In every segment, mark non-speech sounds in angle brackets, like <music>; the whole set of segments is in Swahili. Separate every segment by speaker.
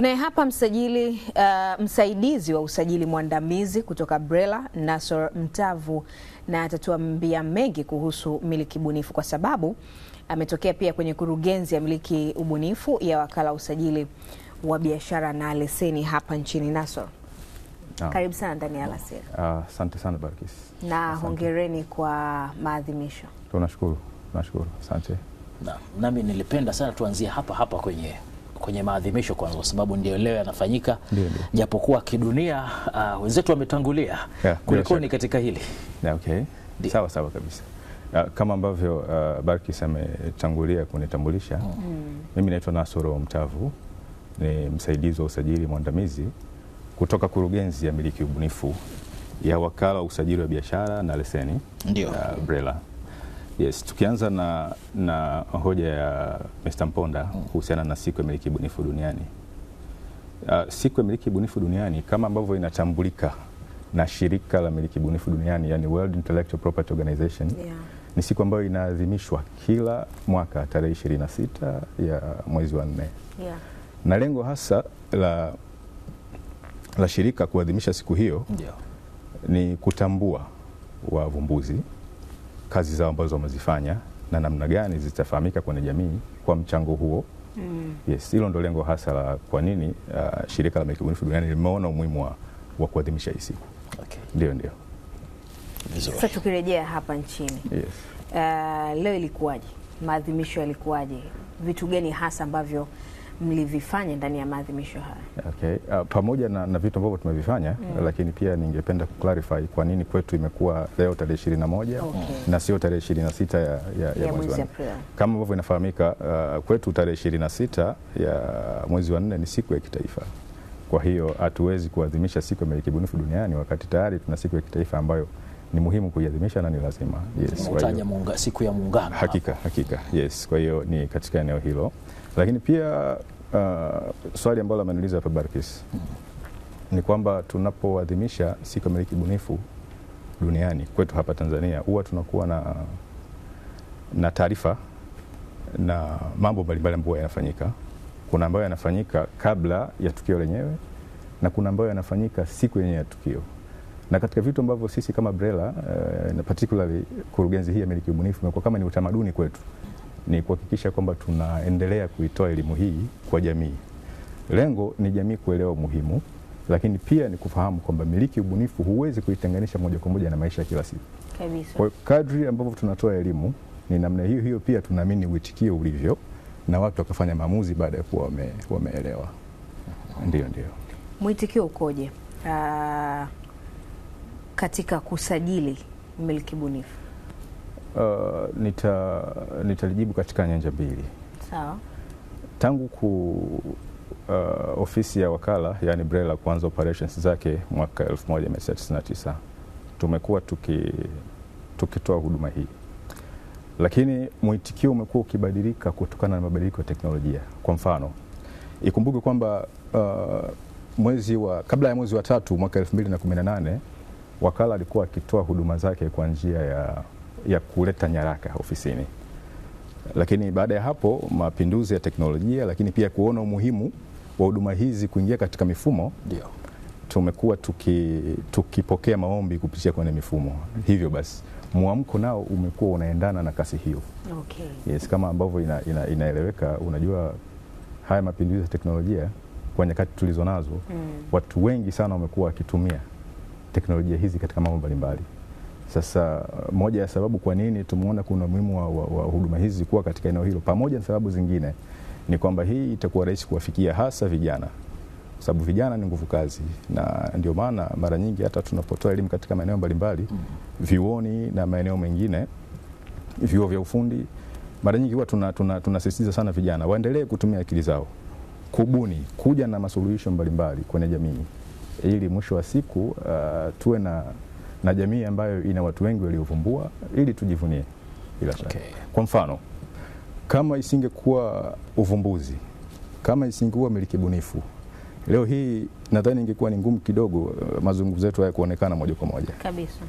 Speaker 1: Tunaye hapa msajili uh, msaidizi wa usajili mwandamizi kutoka BRELA Nassor Mtavu, na atatuambia mengi kuhusu miliki bunifu kwa sababu ametokea pia kwenye kurugenzi ya miliki ubunifu ya wakala usajili wa biashara na leseni hapa nchini. Nassor, ah. karibu sana ndani ya Alasiri.
Speaker 2: Ah, asante uh, sana Barkis,
Speaker 1: na hongereni kwa maadhimisho.
Speaker 2: Tunashukuru, tunashukuru, asante.
Speaker 3: Na nami nilipenda sana tuanzie hapa hapa kwenye kwenye maadhimisho kwanza, kwa sababu ndio leo yanafanyika, japokuwa kidunia uh, wenzetu wametangulia. Yeah, kulikoni katika hili?
Speaker 2: Yeah, okay. Sawa sawa kabisa ah, kama ambavyo uh, ah, Barkis ametangulia kunitambulisha mm. Mimi naitwa Nasoro Mtavu, ni msaidizi wa usajili mwandamizi kutoka kurugenzi ya miliki ubunifu ya wakala wa usajili wa biashara na leseni ndio, uh, BRELA. Yes, tukianza na, na hoja ya Mr. Mponda kuhusiana na siku ya miliki bunifu duniani. Uh, siku ya miliki bunifu duniani kama ambavyo inatambulika na shirika la miliki bunifu duniani yani World Intellectual Property Organization yeah. Ni siku ambayo inaadhimishwa kila mwaka tarehe 26 ya mwezi wa nne yeah. Na lengo hasa la, la shirika kuadhimisha siku hiyo yeah. Ni kutambua wavumbuzi kazi zao ambazo wamezifanya na namna gani zitafahamika kwenye jamii kwa mchango huo. Mm. Yes, hilo ndo lengo hasa la kwa nini uh, shirika la Malkia bunifu Duniani limeona umuhimu wa, wa kuadhimisha hii siku. Okay. Ndio, ndio.
Speaker 1: Sasa tukirejea hapa nchini. Yes. Uh, leo ilikuwaje? Maadhimisho yalikuwaje? Vitu gani hasa ambavyo mlivifanya ndani ya maadhimisho haya?
Speaker 2: Okay. Uh, pamoja na, na vitu ambavyo tumevifanya mm. Lakini pia ningependa ku kwa nini kwetu imekuwa leo tarehe moja okay. na sio tarehe sita ya, ya, ya, ya mwezi Aprili kama ambavyo inafahamika. Uh, kwetu tarehe sita ya mwezi wa nne ni siku ya kitaifa kwa hiyo hatuwezi kuadhimisha siku ya melekibunifu duniani wakati tayari tuna siku ya kitaifa ambayo ni muhimu kuiadhimisha na ni lazima.
Speaker 3: Yes, siku ya muungano.
Speaker 2: Hakika, hakika. Yes, kwa hiyo ni katika eneo hilo. Lakini pia uh, swali ambalo ameniuliza hapa Barkis ni kwamba tunapoadhimisha siku ya miliki bunifu duniani kwetu hapa Tanzania huwa tunakuwa na, na taarifa na mambo mbalimbali ambayo yanafanyika. Kuna ambayo yanafanyika kabla ya tukio lenyewe na kuna ambayo yanafanyika siku yenyewe ya tukio, na katika vitu ambavyo sisi kama BRELA uh, na particularly kurugenzi hii ya miliki bunifu imekuwa kama ni utamaduni kwetu ni kuhakikisha kwamba tunaendelea kuitoa elimu hii kwa jamii. Lengo ni jamii kuelewa umuhimu, lakini pia ni kufahamu kwamba miliki ubunifu huwezi kuitenganisha moja kwa moja na maisha ya kila siku. Kabisa. Kwa kadri ambavyo tunatoa elimu ni namna hiyo hiyo pia tunaamini uitikio ulivyo na watu wakafanya maamuzi baada ya kuwa wame, wameelewa. Ndio, ndio.
Speaker 1: Mwitikio ukoje? Aa, ah, katika kusajili miliki bunifu
Speaker 2: Uh, nita nitalijibu katika nyanja mbili. Sawa. Tangu ku uh, ofisi ya wakala yani BRELA kuanza operations zake mwaka 1999 tumekuwa tuki tukitoa huduma hii, lakini mwitikio umekuwa ukibadilika kutokana na mabadiliko ya teknolojia. Kwa mfano, ikumbuke kwamba uh, mwezi wa kabla ya mwezi wa tatu mwaka 2018 wakala alikuwa akitoa huduma zake kwa njia ya ya kuleta nyaraka ofisini. Lakini baada ya hapo, mapinduzi ya teknolojia, lakini pia kuona umuhimu wa huduma hizi kuingia katika mifumo ndio tumekuwa tuki, tukipokea maombi kupitia kwenye mifumo. Hivyo basi mwamko nao umekuwa unaendana na kasi hiyo. Okay. Yes, kama ambavyo ina, ina, inaeleweka. Unajua haya mapinduzi ya teknolojia kwa nyakati tulizo nazo mm. Watu wengi sana wamekuwa wakitumia teknolojia hizi katika mambo mbalimbali. Sasa uh, moja ya sababu kwa nini tumeona kuna umuhimu wa, wa, wa huduma hizi kuwa katika eneo hilo pamoja na sababu zingine ni kwamba hii itakuwa rahisi kuwafikia hasa vijana, kwa sababu vijana ni nguvu kazi, na ndio maana mara nyingi hata tunapotoa elimu katika maeneo mbalimbali mm. vioni na maeneo mengine, vyuo vya ufundi, mara nyingi huwa tunasisitiza tuna, tuna sana vijana waendelee kutumia akili zao kubuni, kuja na masuluhisho mbalimbali kwenye jamii, ili mwisho wa siku uh, tuwe na na jamii ambayo ina watu wengi waliovumbua ili tujivunie. Bila shaka okay. Kwa mfano kama isingekuwa uvumbuzi, kama isingekuwa miliki bunifu, leo hii nadhani ingekuwa ni ngumu kidogo eh, mazungumzo yetu haya kuonekana moja kwa moja kabisa.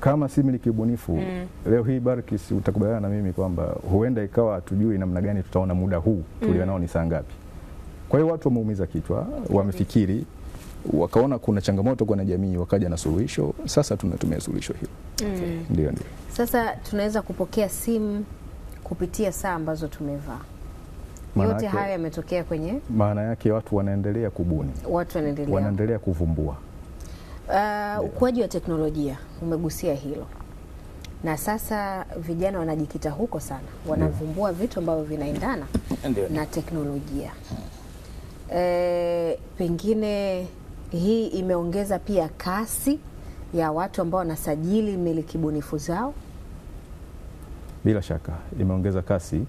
Speaker 2: Kama si miliki bunifu mm. Leo hii Barkis, utakubaliana na mimi kwamba huenda ikawa hatujui namna gani tutaona muda huu tulionao mm. ni saa ngapi. Kwa hiyo watu wameumiza kichwa, wamefikiri wakaona kuna changamoto kwa jamii wakaja na suluhisho. Sasa tunatumia suluhisho hilo. Mm. Ndio, ndio.
Speaker 1: Sasa tunaweza kupokea simu kupitia saa ambazo tumevaa. Yote haya yametokea kwenye,
Speaker 2: maana yake watu wanaendelea kubuni,
Speaker 1: watu wanaendelea,
Speaker 2: wanaendelea kuvumbua.
Speaker 1: Uh, ukuaji wa teknolojia umegusia hilo, na sasa vijana wanajikita huko sana, wanavumbua vitu ambavyo vinaendana na teknolojia. E, pengine hii imeongeza pia kasi ya watu ambao wanasajili miliki bunifu zao.
Speaker 2: Bila shaka imeongeza kasi.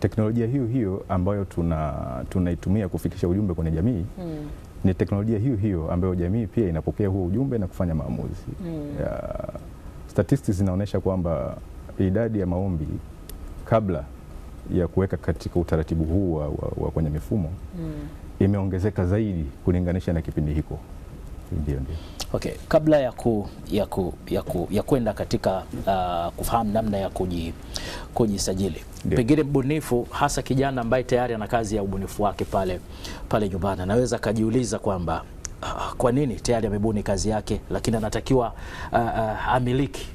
Speaker 2: Teknolojia hiyo hiyo ambayo tunaitumia kufikisha ujumbe kwenye jamii mm. ni teknolojia hiyo hiyo ambayo jamii pia inapokea huo ujumbe na kufanya maamuzi mm. Statistics zinaonyesha kwamba idadi ya maombi kabla ya kuweka katika utaratibu huu wa, wa, wa kwenye mifumo mm imeongezeka zaidi kulinganisha na kipindi hiko. Ndio, ndio.
Speaker 3: Okay, kabla ya ku, ya ku, ya ku, ya kwenda katika uh, kufahamu namna ya kuji, kujisajili pengine mbunifu hasa kijana ambaye tayari ana kazi ya ubunifu wake pale pale nyumbani anaweza akajiuliza kwamba uh, kwa nini tayari amebuni kazi yake lakini anatakiwa uh, uh, amiliki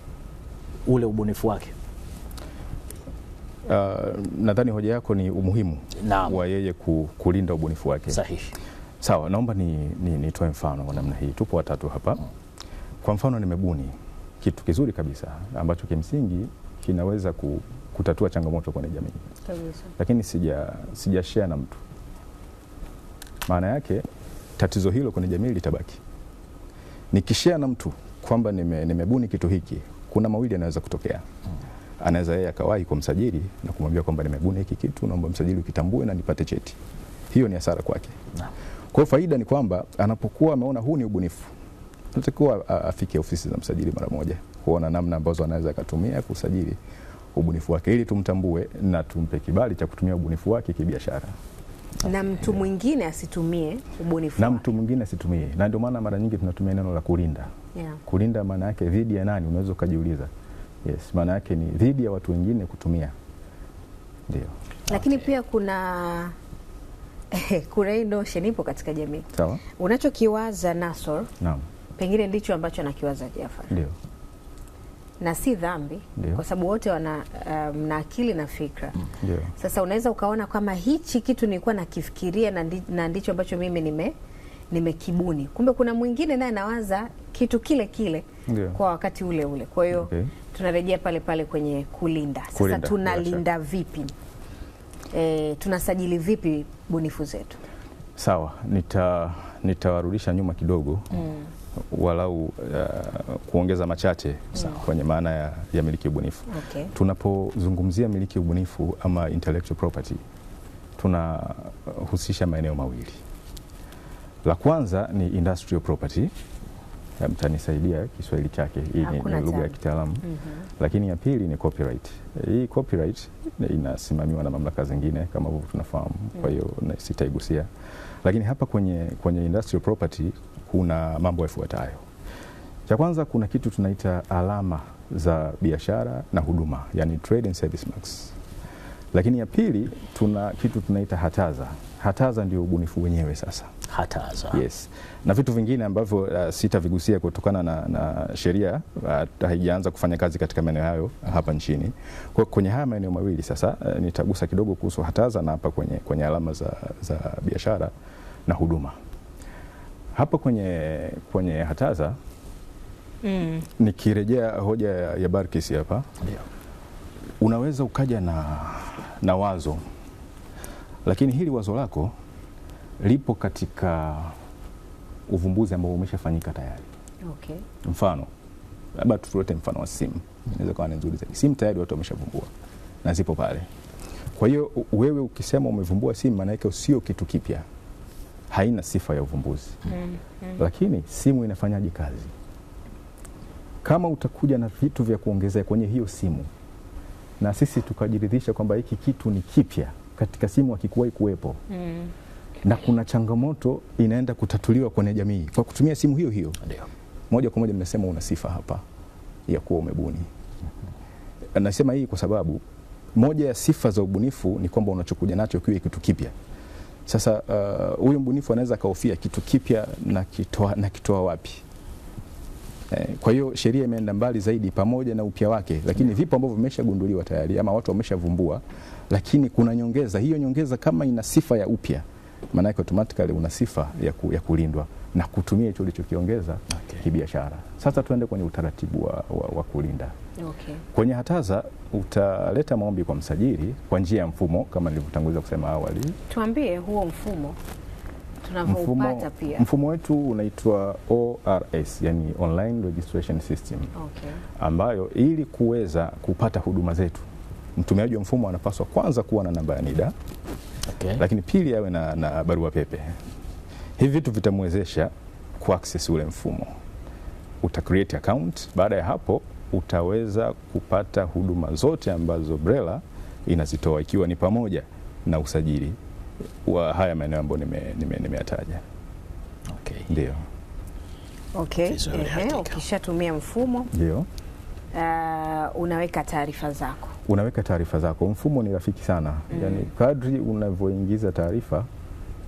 Speaker 3: ule ubunifu wake.
Speaker 2: Uh, nadhani hoja yako ni umuhimu Naam. wa yeye kulinda ubunifu wake. Sahihi. Sawa, naomba nitoe ni, ni mfano wa namna hii. Tupo watatu hapa. Kwa mfano, nimebuni kitu kizuri kabisa ambacho kimsingi kinaweza kutatua changamoto kwenye jamii kabisa, lakini sija sija share na mtu, maana yake tatizo hilo kwenye jamii litabaki. Nikishare na mtu kwamba nime, nimebuni kitu hiki, kuna mawili yanaweza kutokea hmm anaweza yeye akawahi kumsajili na kumwambia kwamba nimeguna hiki kitu, naomba msajili ukitambue na nipate cheti. Hiyo ni hasara kwake. Kwa faida ni kwamba anapokuwa ameona huu ni ubunifu, anatakiwa afike ofisi za msajili mara moja kuona namna ambazo anaweza akatumia kusajili ubunifu wake ili tumtambue na tumpe kibali cha kutumia ubunifu wake kibiashara
Speaker 1: na mtu eh. mwingine asitumie ubunifu
Speaker 2: na mtu mwingine asitumie, na ndio maana mara nyingi tunatumia neno la kulinda. Yeah. Kulinda maana yake dhidi ya nani? Unaweza ukajiuliza. Yes, maana yake ni dhidi ya watu wengine kutumia, ndio.
Speaker 1: Lakini okay. pia kuna <laughs> kuna hii notion ipo katika jamii. Sawa. Unachokiwaza Nassor, naam, pengine ndicho ambacho anakiwaza Jafar. Ndio. Na si dhambi Dio. kwa sababu wote wana um, na akili na fikra mm, Dio. Sasa unaweza ukaona kama hichi kitu nilikuwa nakifikiria na, ndi, na ndicho ambacho mimi nime nimekibuni, kumbe kuna mwingine naye anawaza kitu kile kile Ndiyo. kwa wakati ule ule. Kwa hiyo okay. tunarejea pale pale kwenye kulinda sasa, kulinda. tunalinda vipi e, tunasajili vipi bunifu zetu?
Speaker 2: Sawa, nita nitawarudisha nyuma kidogo mm. walau uh, kuongeza machache Sawa. Mm. kwenye maana ya, ya miliki ubunifu okay. tunapozungumzia miliki ubunifu ama intellectual property tunahusisha maeneo mawili. La kwanza ni industrial property mtanisaidia Kiswahili chake, hii ni lugha ya kitaalamu mm -hmm. Lakini ya pili ni copyright. Hii copyright inasimamiwa na mamlaka zingine kama hivyo tunafahamu, kwa hiyo mm. sitaigusia, lakini hapa kwenye, kwenye industrial property kuna mambo yafuatayo. Cha kwanza kuna kitu tunaita alama za biashara na huduma, yani trade and service marks. Lakini ya pili tuna kitu tunaita hataza Hataza ndio ubunifu wenyewe sasa.
Speaker 3: Hataza.
Speaker 2: Yes. Na vitu vingine ambavyo uh, sitavigusia kutokana na, na sheria uh, haijaanza kufanya kazi katika maeneo hayo hapa nchini. Kwa kwenye haya maeneo mawili sasa uh, nitagusa kidogo kuhusu hataza na hapa kwenye, kwenye alama za, za biashara na huduma. Hapa kwenye, kwenye hataza mm. Nikirejea hoja ya Barkis hapa yeah. Unaweza ukaja na, na wazo lakini hili wazo lako lipo katika uvumbuzi ambao umeshafanyika tayari. Okay. Mfano labda tutulete mfano wa simu, inaweza kuwa nzuri zaidi. Simu tayari watu wameshavumbua na zipo pale. Kwa hiyo wewe ukisema umevumbua simu, maana yake sio kitu kipya, haina sifa ya uvumbuzi. mm -hmm. Lakini simu inafanyaje kazi? Kama utakuja na vitu vya kuongezea kwenye hiyo simu na sisi tukajiridhisha kwamba hiki kitu ni kipya katika simu hakikuwahi kuwepo mm. na kuna changamoto inaenda kutatuliwa kwenye jamii kwa kutumia simu hiyo hiyo. Adio. Moja kwa moja nimesema una sifa hapa ya kuwa umebuni. mm -hmm. Nasema hii kwa sababu moja ya sifa za ubunifu ni kwamba unachokuja nacho kiwe kitu kipya. Sasa uh, huyu uh, mbunifu anaweza akahofia kitu kipya na kitoa, na kitoa wapi? Eh, kwa hiyo sheria imeenda mbali zaidi pamoja na upya wake, lakini yeah. vipo ambavyo vimeshagunduliwa tayari ama watu wameshavumbua lakini kuna nyongeza. Hiyo nyongeza kama ina sifa ya upya, maana yake automatically una sifa ya, ku, ya kulindwa na kutumia hicho ulichokiongeza okay, kibiashara. Sasa tuende kwenye utaratibu wa, wa, wa kulinda okay. Kwenye hataza utaleta maombi kwa msajili kwa njia ya mfumo kama nilivyotanguliza kusema awali.
Speaker 1: Tuambie huo mfumo mfumo, pia.
Speaker 2: Mfumo wetu unaitwa ORS, yani Online Registration System okay, ambayo ili kuweza kupata huduma zetu mtumiaji wa mfumo anapaswa kwanza kuwa na namba ya NIDA okay. Lakini pili awe na, na barua pepe. Hivi vitu vitamwezesha access ule mfumo, uta create account. Baada ya hapo utaweza kupata huduma zote ambazo BRELA inazitoa ikiwa ni pamoja na usajili wa haya maeneo ambayo nimeyataja nime, nime okay. Ndio
Speaker 1: okay. Ukishatumia mfumo uh, unaweka taarifa zako
Speaker 2: unaweka taarifa zako. Mfumo ni rafiki sana mm. Yani, kadri unavyoingiza taarifa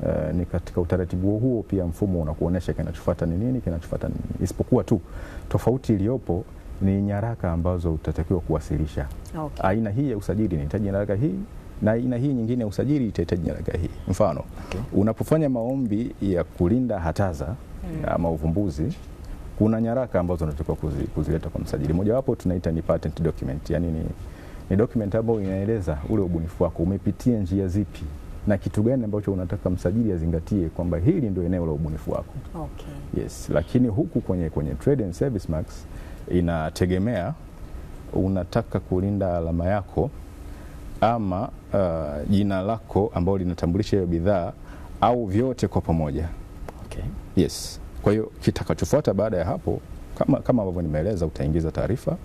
Speaker 2: Uh, ni katika utaratibu huo pia mfumo unakuonyesha kinachofuata ni nini, kinachofuata ni nini, isipokuwa tu tofauti iliyopo ni nyaraka ambazo utatakiwa kuwasilisha. Okay. Aina hii ya usajili inahitaji nyaraka hii na aina hii nyingine ya usajili itahitaji nyaraka hii. Mfano, okay. Unapofanya maombi ya kulinda hataza mm. ama uvumbuzi kuna nyaraka ambazo unatakiwa kuzileta kwa msajili. Mojawapo tunaita ni patent document, yani ni ni document ambayo inaeleza ule ubunifu wako umepitia njia zipi na kitu gani ambacho unataka msajili azingatie kwamba hili ndio eneo la ubunifu wako. Okay. Yes, lakini huku kwenye, kwenye Trade and Service Marks inategemea unataka kulinda alama yako ama uh, jina lako ambalo linatambulisha hiyo bidhaa au vyote kwa pamoja. Okay. Yes. Kwa hiyo kitakachofuata baada ya hapo kama ambavyo nimeeleza, utaingiza taarifa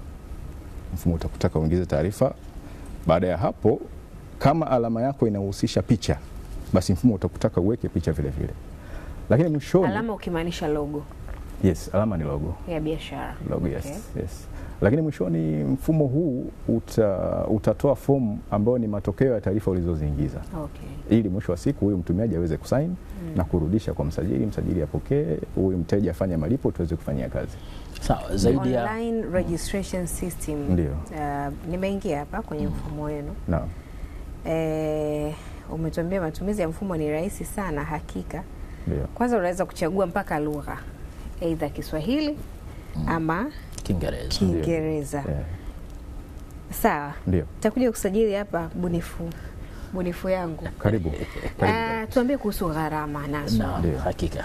Speaker 2: mfumo utakutaka uingize taarifa. Baada ya hapo, kama alama yako inahusisha picha, basi mfumo utakutaka uweke picha vile vile.
Speaker 1: Lakini mwishoni, alama ukimaanisha logo.
Speaker 2: Yes, alama ni logo
Speaker 1: ya biashara.
Speaker 2: Logo, yes, okay. Yes. Lakini mwishoni mfumo huu uta, utatoa fomu ambayo ni matokeo ya taarifa ulizoziingiza, okay. Ili mwisho wa siku huyu mtumiaji aweze kusaini mm, na kurudisha kwa msajili, msajili apokee, huyu mteja afanye malipo, tuweze kufanyia kazi.
Speaker 1: Sawa, zaidi ya online registration system. Ndio. Uh, nimeingia hapa kwenye mfumo wenu. Naam. Eh, umetuambia matumizi ya mfumo ni rahisi sana hakika. Ndio. Kwanza unaweza kuchagua mpaka lugha aidha Kiswahili mm. ama Kiingereza. Kiingereza. Yeah. Sawa. Ndio. Takuja kusajili hapa bunifu bunifu yangu. Karibu. Karibu. Uh, tuambie kuhusu gharama nazo.
Speaker 3: Ndio, hakika.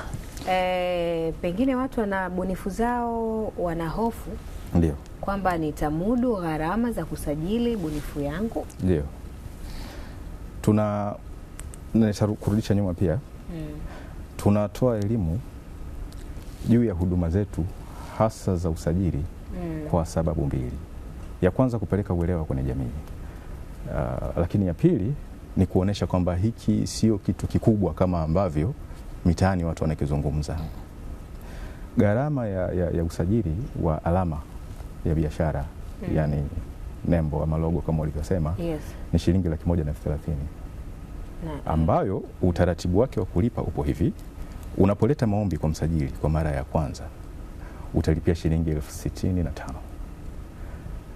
Speaker 1: E, pengine watu wana bunifu zao, wana hofu ndio kwamba nitamudu gharama za kusajili bunifu yangu.
Speaker 2: Ndio tuna kurudisha nyuma pia mm. tunatoa elimu juu ya huduma zetu hasa za usajili mm. kwa sababu mbili. Ya kwanza kupeleka uelewa kwenye jamii uh, lakini ya pili ni kuonesha kwamba hiki sio kitu kikubwa kama ambavyo mitaani watu wanakizungumza. Gharama ya, ya, ya usajili wa alama ya biashara mm. yani nembo ama logo kama ulivyosema yes. ni shilingi laki moja na elfu thelathini mm. ambayo utaratibu wake wa kulipa upo hivi. Unapoleta maombi kwa msajili kwa mara ya kwanza utalipia shilingi elfu sitini na tano.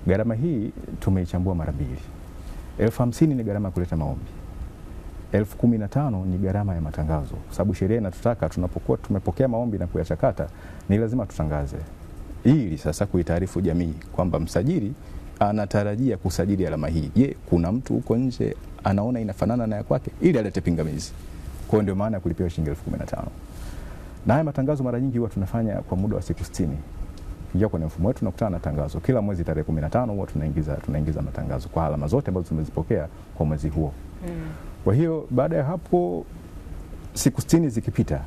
Speaker 2: Gharama hii tumeichambua mara mbili. Elfu hamsini ni gharama ya kuleta maombi elfu kumi na tano ni gharama ya matangazo, kwa sababu sheria inatutaka tunapokuwa tumepokea maombi na kuyachakata ni lazima tutangaze, ili sasa kuitaarifu jamii kwamba msajili anatarajia kusajili alama hii. Je, kuna mtu huko nje anaona inafanana na ya kwake, ili alete pingamizi. Kwa hiyo ndio maana ya kulipia shilingi elfu kumi na tano na haya matangazo mara nyingi huwa tunafanya kwa muda wa siku 60. Ingia kwenye mfumo wetu tunakutana na tangazo. Kila mwezi tarehe 15 huwa tunaingiza tunaingiza matangazo kwa alama zote ambazo tumezipokea kwa mwezi huo. Mm. Kwa hiyo baada ya hapo siku sitini zikipita,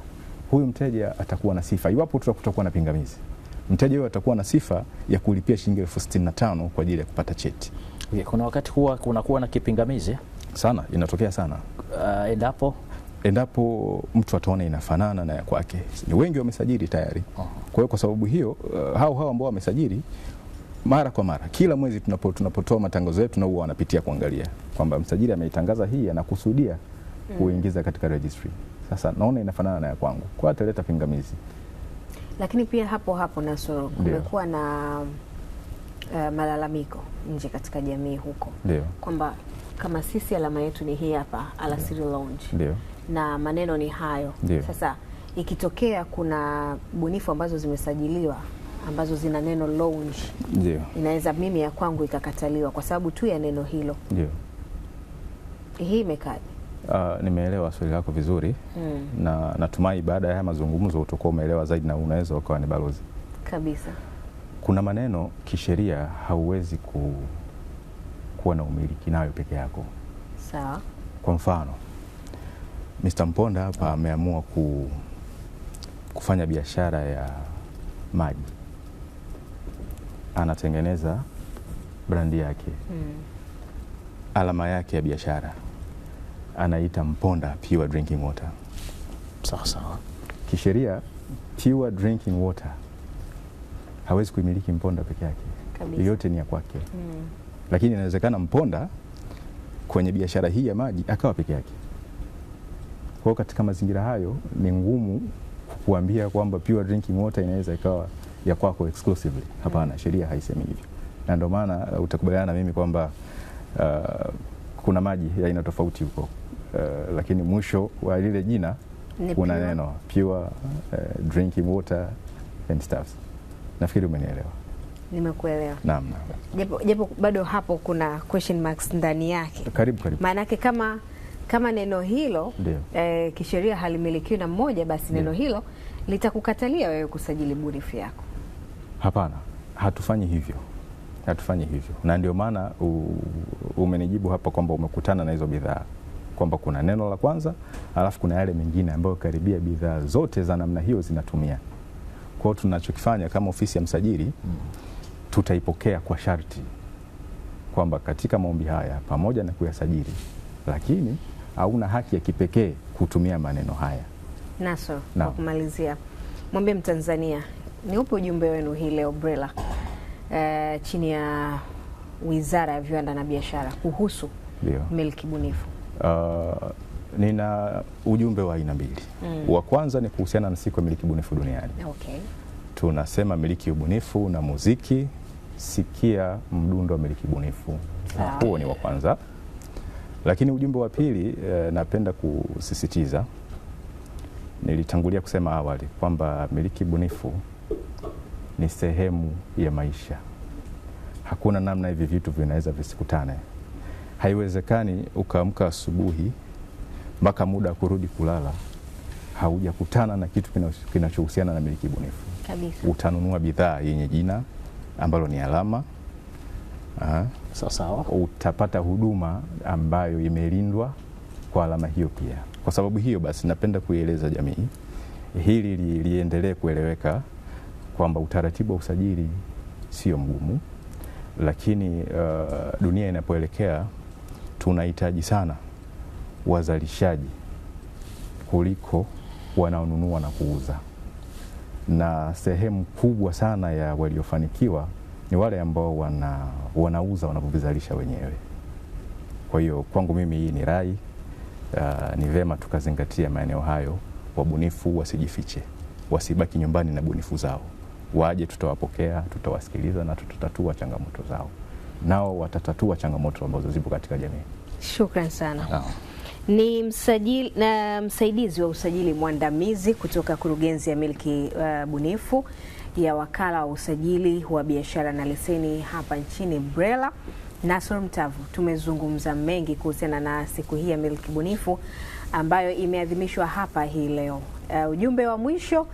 Speaker 2: huyu mteja atakuwa na sifa, iwapo tutakutakuwa na pingamizi, mteja huyo atakuwa na sifa ya kulipia shilingi elfu sitini na tano kwa ajili ya kupata cheti.
Speaker 3: Okay, kuna wakati huwa kunakuwa na kipingamizi
Speaker 2: sana, inatokea sana
Speaker 3: uh, endapo
Speaker 2: endapo mtu ataona inafanana na ya kwake. Ni wengi wamesajili tayari. Kwa hiyo kwa sababu hiyo, uh, hao hao ambao wamesajili mara kwa mara kila mwezi tunapo, tunapotoa matangazo yetu na huwa wanapitia kuangalia kwamba msajili ameitangaza hii anakusudia mm. kuingiza katika registry. Sasa naona inafanana na ya kwangu, kwa ataleta pingamizi.
Speaker 1: Lakini pia hapo hapo Nasoro, kumekuwa na uh, malalamiko nje katika jamii huko kwamba kama sisi alama yetu ni hii hapa Alasiri Lounge. Ndio. na maneno ni hayo. Ndio. Sasa ikitokea kuna bunifu ambazo zimesajiliwa ambazo zina neno lounge ndio inaweza mimi ya kwangu ikakataliwa kwa sababu tu ya neno hilo. Ndio hii imekaje?
Speaker 2: Uh, nimeelewa swali lako vizuri mm. na natumai baada ya haya mazungumzo utakuwa umeelewa zaidi na unaweza ukawa ni balozi kabisa. Kuna maneno kisheria hauwezi ku, kuwa na umiliki nayo peke yako sawa. Kwa mfano Mr. Mponda hapa ameamua ku, kufanya biashara ya maji anatengeneza brandi yake mm. alama yake ya biashara anaita Mponda Pure Drinking Water. Sawa sawa. Kisheria Pure Drinking Water hawezi kuimiliki Mponda peke yake yote ni ya kwake mm. Lakini inawezekana Mponda kwenye biashara hii ya maji akawa peke yake. Kwa katika mazingira hayo ni ngumu kuambia kwamba Pure Drinking Water inaweza ikawa ya kwako exclusively. Hapana, sheria haisemi hivyo, na ndio maana uh, utakubaliana na mimi kwamba uh, kuna maji ya aina tofauti huko uh, lakini mwisho wa lile jina kuna neno pure uh, drinking water and stuff. Nafikiri umenielewa.
Speaker 1: Nimekuelewa. Naam, naam. Japo, japo bado hapo kuna question marks ndani yake. Karibu, karibu. yake kama kama neno hilo eh, kisheria halimilikiwi na mmoja basi Deo. Neno hilo litakukatalia wewe kusajili bunifu yako.
Speaker 2: Hapana, hatufanyi hivyo, hatufanyi hivyo, na ndio maana umenijibu hapa kwamba umekutana na hizo bidhaa kwamba kuna neno la kwanza alafu kuna yale mengine ambayo karibia bidhaa zote za namna hiyo zinatumia. Kwa hiyo tunachokifanya kama ofisi ya msajili, tutaipokea kwa sharti kwamba katika maombi haya pamoja na kuyasajili, lakini hauna haki ya kipekee kutumia maneno haya.
Speaker 1: Naso, kwa kumalizia, mwambie Mtanzania ni upe ujumbe wenu hii leo BRELA uh, chini ya Wizara ya Viwanda na Biashara kuhusu Dio. milki bunifu?
Speaker 2: Uh, nina ujumbe wa aina mbili mm. Wa kwanza ni kuhusiana na siku ya miliki bunifu duniani okay. Tunasema miliki ubunifu na muziki, sikia mdundo wa miliki bunifu ah. Huo ni wa kwanza, lakini ujumbe wa pili eh, napenda kusisitiza nilitangulia kusema awali kwamba miliki bunifu ni sehemu ya maisha. Hakuna namna hivi vitu vinaweza visikutane. Haiwezekani ukaamka asubuhi mpaka muda wa kurudi kulala haujakutana na kitu kinachohusiana na miliki bunifu kabisa. Utanunua bidhaa yenye jina ambalo ni alama sawasawa, ah, utapata huduma ambayo imelindwa kwa alama hiyo pia. Kwa sababu hiyo basi, napenda kuieleza jamii hili liendelee kueleweka kwamba utaratibu wa usajili sio mgumu, lakini uh, dunia inapoelekea tunahitaji sana wazalishaji kuliko wanaonunua na kuuza, na sehemu kubwa sana ya waliofanikiwa ni wale ambao wana, wanauza wanavyovizalisha wenyewe. Kwa hiyo kwangu mimi hii ni rai uh, ni vema tukazingatia maeneo hayo, wabunifu wasijifiche, wasibaki nyumbani na bunifu zao waje, tutawapokea, tutawasikiliza na tutatatua changamoto zao, nao watatatua changamoto ambazo zipo katika jamii.
Speaker 1: Shukran sana nao. Ni msajili, na msaidizi wa usajili mwandamizi kutoka Kurugenzi ya Milki uh, Bunifu ya Wakala wa Usajili wa Biashara na Leseni hapa nchini BRELA, Nasor Mtavu. Tumezungumza mengi kuhusiana na siku hii ya milki bunifu ambayo imeadhimishwa hapa hii leo. Uh, ujumbe wa mwisho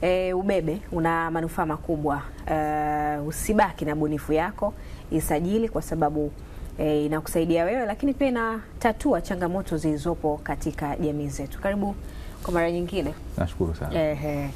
Speaker 1: e, ubebe una manufaa makubwa. E, usibaki na bunifu yako, isajili kwa sababu e, inakusaidia wewe, lakini pia inatatua changamoto zilizopo katika jamii zetu. Karibu kwa mara nyingine.
Speaker 2: Nashukuru sana. Ehe.